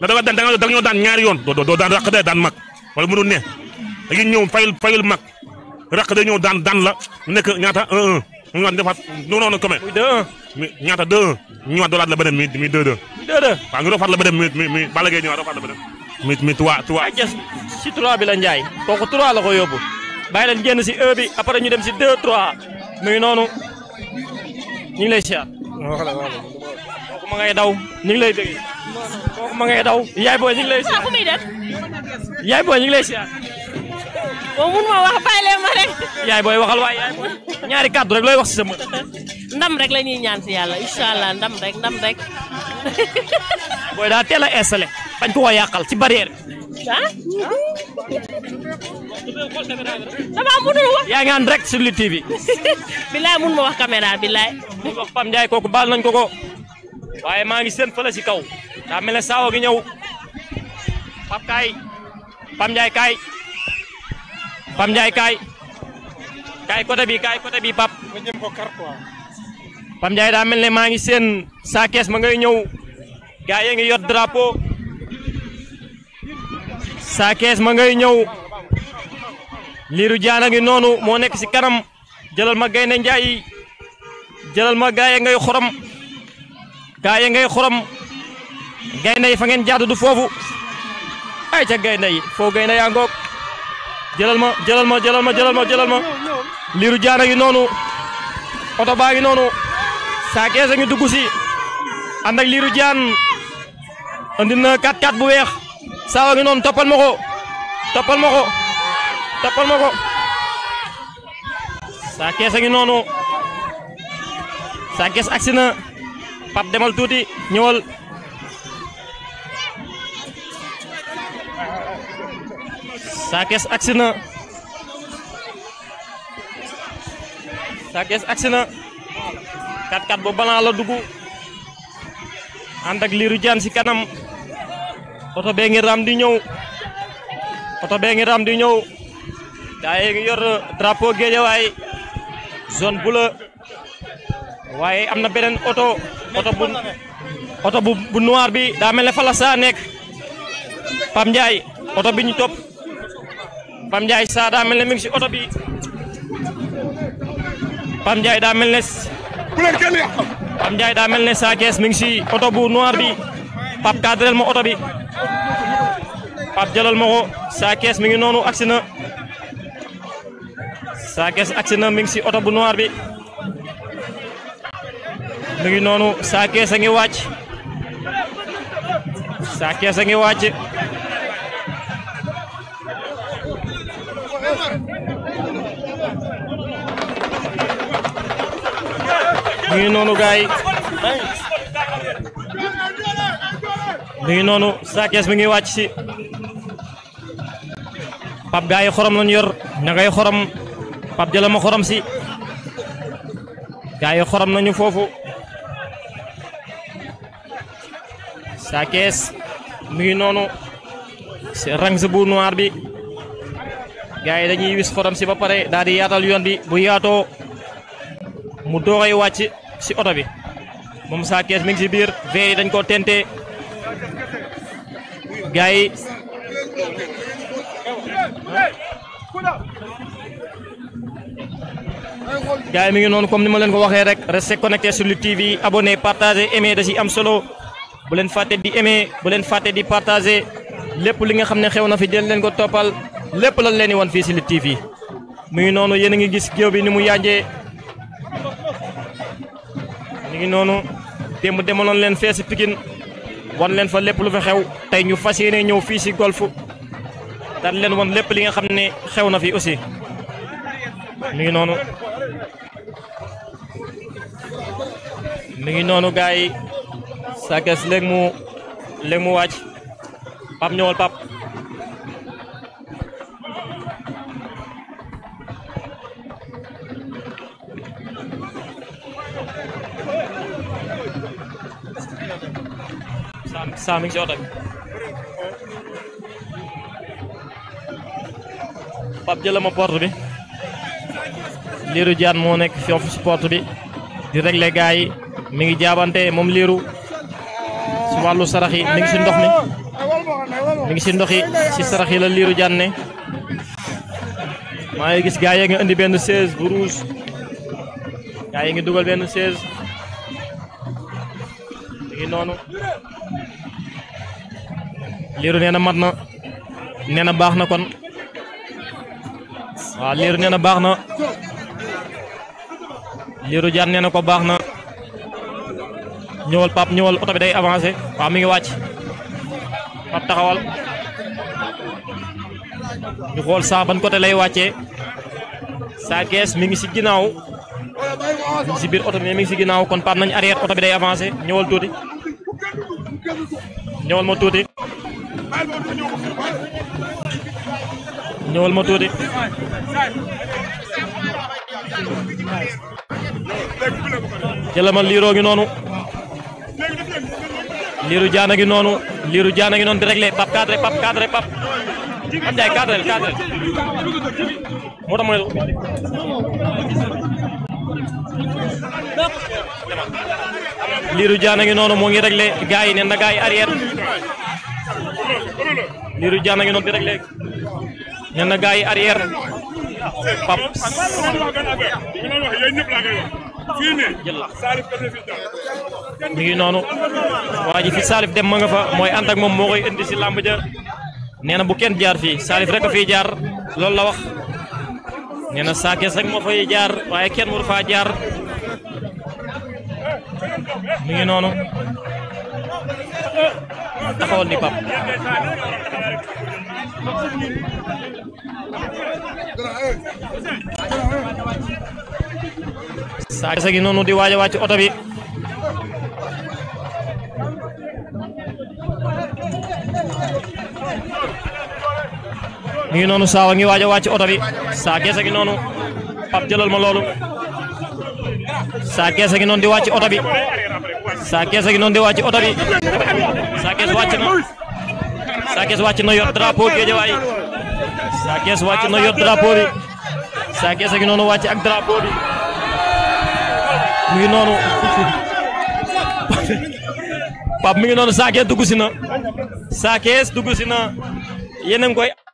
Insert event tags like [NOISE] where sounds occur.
nga dafa daan da nga daan ñaari yoon doo doo daan raq day daan mag wala mënul ne da ngeen ñëw fayul fayul mag raq day daan daan la nekk ñaata 1 1 mu ñëwaat defaat ñaata 2 1 ñëwaat doolaat la beneen mi mi 2 2. 2 2 waaw nga roofaat la beneen mi mi mi Balla Gaye ñëwaat roofaat la beneen. mi mi si 3 bi la Ndiaye. kooku la ko yóbbu. bàyyi leen génn si 1 bi après ñu dem si 2 3 muy noonu ñu ngi lay a waaw waaw waaw kooku ma ngay daw kooku ma ngay daw. yaay booy ñu ngi lay yaay booy ñu ngi lay yaay booy waxal waaye yaay booy ñaari kàddu rek looy wax si sa mën. ndam rek la ñuy ñaan si yàlla incha ndam rek ndam rek. booy daa teel a installé. bañ ko waa yàqal ci barrière bi. ah. damaa wax. yaa ngi en direct sur Lutte TV. [LAUGHS] bilaay ma wax caméra bilaay. mun wax Pam Ndiaye kooku baal nañ ko ko. waaye maa ngi seen fële si kaw daa mel ne saawa gi ñëw Pap kaay Pam Ndiaye kaay Pam Ndiaye kaay kaay côté bi kaay bi Pap Pam daa mel ne maa ngi seen saa kees ma ngay ñëw gaa ngi yot drapeau saa kees ma ngay ñëw liiru jaana ngi noonu moo nekk si kanam jëlal ma gaynde Njaay jëlal ma gaa ngay xorom gaa yi ngay xorom gaynde yi fa ngeen jaadu du foofu ay ca gaynde yi foo gaynde yaa ngoog jëlal ma jëlal ma jëlal ma jëlal ma jëlal ma liiru jaana ngi noonu oto baa ngi noonu saa kees ngi dugg si liiru jaan andi na 4-4 bu weex saawa ngi noonu toppal ma ko toppal ma ko toppal ma ko saa kees ngi noonu saa kees agsi na Pape demal tuuti ñëwal Sakess agsi na Sakess agsi na 4 la dugg ànd ak Lirou Diane ci kanam oto bee ngi ram di ñëw oto bee ngi ram di ñëw gaa ngi yor drapeau Guédiawaye zone bleue waaye am na beneen oto oto bu noir bi daa mel ne fala saa nekk Pam Ndiaye oto bi ñu topp Pam Ndiaye saa daa mel ne mi ngi si oto bi Pam Ndiaye daa mel ne. Pam Ndiaye daa mel ne saa kees mi ngi si oto bu noir bi Pape cadrel ma oto bi Pape jëlal ma ko saa kees mi ngi noonu agsi na saa kees agsi na mi ngi si oto bu noir bi. mu ngi noonu Sa ngi wàcc Sa Thiès mu noonu gaay noonu Sa mi ngi wàcc si Pape gaay xorom lañu yor ña ngay xorom Pape jëla xorom si gaay xorom nañu foofu Sa Thiès mi ngi noonu si rang bu noir bi gars yi dañuy wis xorom si ba pare daal di yaatal yoon bi bu yaatoo mu dooree wàcc si oto bi moom Sa Thiès mi ngi si biir yi dañ koo tente gars yi gars yi ngi noonu comme ni ma leen ko waxee rek restez connecté sur TV abonné partagé aimé da si am solo. bu leen fàtte di aimer bu leen fàtte di partager lépp li nga xam ne xew na fi jël leen ko toppal lépp lan leen di wan fii si Lutte TV mu noonu yéen a ngi gis géew bi ni mu yànjee ñu ngi noonu démb demaloon leen fee si Pikine wan leen fa lépp lu fa xew tey ñu fas yéene ñëw fii si golf daal leen wan lépp li nga xam ne xew na fi aussi mu ngi noonu mi ngi noonu gaay Sa Thiès léegi mu léegi mu wàcc pap ñëwal pap liiru jaan moo nekk foofu si porte bi di réglé gars yi mi ngi jaabante moom liiru wàllu sarax yi mi ngi si ndox mi mi ngi si ndox yi si sarax yi la liiru jànne maa ngi gis gaa yi ngi indi benn 16 bu rouge gaa yi ngi dugal benn 16 mi liiru nee na mat na nee na baax na kon waaw liiru nee na baax na liiru jaan nee ko baax na ñëwal Pape ñëwal oto bi day avancé waaw mi ngi wàcc Pape taxawal ñu xool saa ban côté lay wàcce saa gees mi ngi ci ginnaaw mi ngi si biir oto bi mi ngi si ginnaaw kon Pape nañ arrière oto bi day avancé ñëwal tuuti ñëwal ma tuuti ñëwal ma tuuti jëlamal liiroo ngi noonu liiru jaan a noonu liiru jaan a ngi noonu di réglé pap cadré pap cadré pap am njaay cadré cadré mu ne liiru noonu moo ngi réglé gaa yi nen na gaa yi arrière liiru jaan a gaa yi arrière pap mi ngi noonu waa ji fi Salif dem ma nga fa mooy ànd moom moo koy indi si làmb ja na bu kenn jaar fi Salif rek a fiy jaar loolu la wax nee na saakees rek fay jaar waaye kenn waru faa jaar mi ngi noonu taxawal ni pap Sa Thiès noonu di waaj a wàcc ngi noonu Sa ngi waaj a wàcc oto bi Sa Thiès a ngi ma loolu Sa Thiès a noonu di wàcc oto bi Sa Thiès noonu di wàcc oto bi Sa Thiès wàcc na Sa Thiès wàcc na yor drapeau Guédiawaye Sa noonu wàcc ak drapeau mu ngi noonu Pape mi ngi noonu Sa Thiès dugg si na Sa Thiès dugg si na yéen a ngi koy